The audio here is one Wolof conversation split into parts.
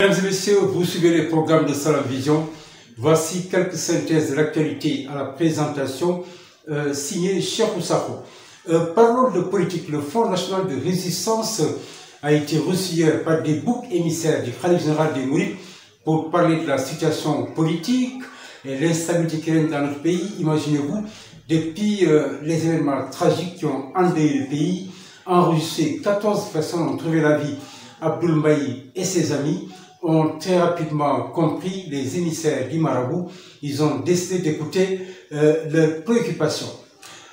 Mesdames et messieurs, vous suivez le programme de Salam Vision. Voici quelques synthèses de l'actualité à la présentation euh, signée Cheikh Oussako. Euh, parlons de politique. Le Fonds national de résistance a été reçu hier par des boucs émissaires du Khalif général des Mourides pour parler de la situation politique et l'instabilité qui règne dans notre pays. Imaginez-vous, depuis euh, les événements tragiques qui ont endeuillé le pays, enregistré 14 personnes ont trouvé la vie. ont très rapidement compris, les émissaires du marabout, ils ont décidé d'écouter euh, leurs préoccupations.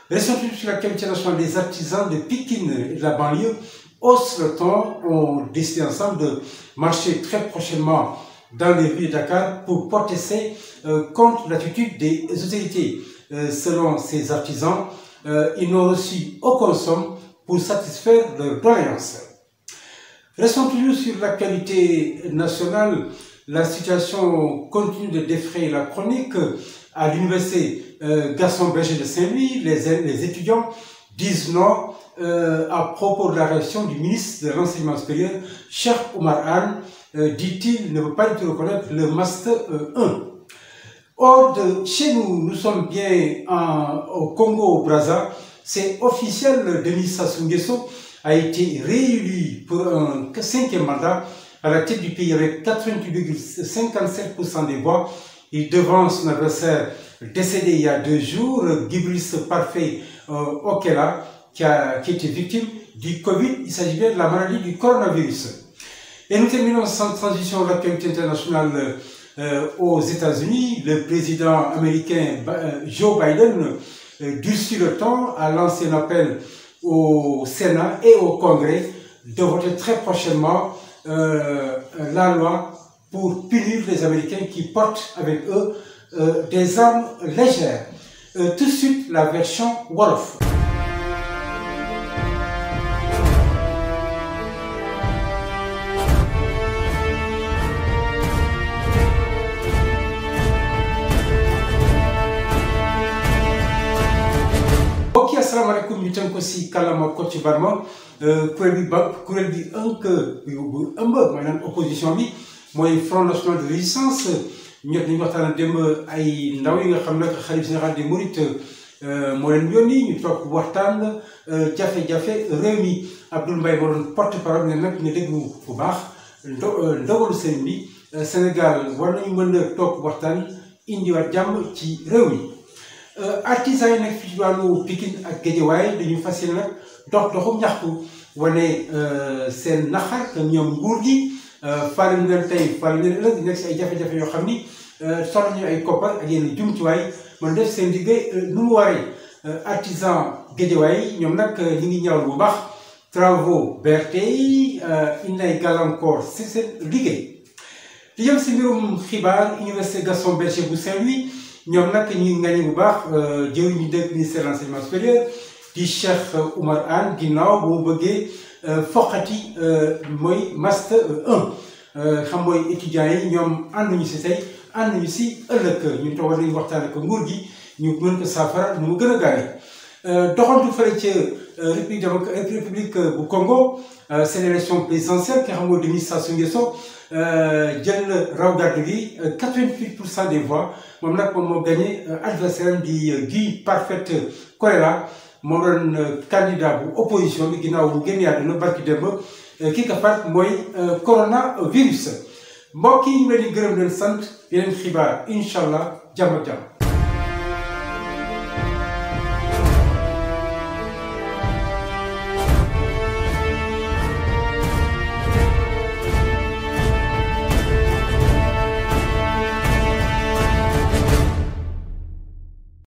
Raison sur laquelle les artisans de Pékin et de la banlieue haussent le temps, ont décidé ensemble de marcher très prochainement dans les rues de Dakar pour protester euh, contre l'attitude des autorités. Euh, selon ces artisans, euh, ils n'ont reçu aucun somme pour satisfaire leurs croyances. Restons toujours sur l'actualité nationale. La situation continue de défrayer la chronique. À l'université euh, Berger de Saint-Louis, les, étudiants disent non euh, à propos de la réaction du ministre de l'Enseignement supérieur, Cheikh Omar Khan, euh, dit-il, ne veut pas du tout reconnaître le Master 1. Euh, Hors de chez nous, nous sommes bien au Congo, au Brazza. C'est officiel, Denis Sassou Nguesso a été réélu pour un cinquième mandat à la tête du pays avec 88,57% des voix. Il devance son adversaire décédé il y a deux jours, Gibris Parfait euh, Okela, qui, a, qui était victime du Covid. Il euh, Le président américain euh, Joe euh, a au Sénat et au Congrès de voter très prochainement euh, la loi pour punir les Américains qui portent avec eux euh, des armes légères. Euh, tout de suite, la version Wolof. asalaamaaleykum ñu tënk ko si kàllaama Kocc Barma euh, kuréel bi ba kuréel bi ënk bu ëmb maanaam opposition bi mooy Front National de Résistance ñot nañu waxtaan dem ay ndaw yi nga xam nag xarit général des Mourides euh, moo leen yónni ñu toog waxtaan euh, jafe-jafe réew mi Abdoul Mbaye moo doon porte ne nag ñu déglu bu baax ndo ndogalu bi Sénégal war nañu mën toog waxtaan indiwaat jàmm ci réew mi. Euh, artisans yi nag fii ci wàllu Pikine ak Guédiawaye dañu fas yéene nag dox doxu ñaxtu wane euh, seen naxar ak ñoom nguur gi euh, faral ñu leen tey faral ñu leen ëllëg nekk si ay jafe-jafe yoo xam ni soxla ñu ay koppar jumtuwaay mën def seen liggéey nu mu waree artisan Guédiawaye ñoom nag ñu ngi ñaawal bu baax travaux BRT yi indi ay gàllankoor si seen liggéey. di jëm si mbirum xibaar université Gaston Berger bu Saint-Louis. ñoom nag ñu ngañi bu baax euh, jëw ñu dégg ministère de l'enseignement supérieur di Cheikh euh, Oumar Anne ginnaaw boo bëggee euh, foqati mooy master 1 xam mooy étudiants yi ñoom ànduñu si tey ànduñu si ëllëg ñu toog war nañu waxtaan ak nguur gi ñu mën ko saafara nu mu gën a gaawee doxantu fële ca Euh, république démocratique euh, république bu euh, Congo seen élection présidentielle ki xam nga Denis Sassou Nguesso jël raw gàddu gi 88 pour cent des voix moom nag moom moo gagné adversaire di Guy Parfait Kolela moo doon candidat bu opposition bi ginnaaw bu génn yàlla na barki démb ki ka faat mooy coronavirus mbokk yi ñu leen di gërëm sant yeneen xibaar incha allah jàmm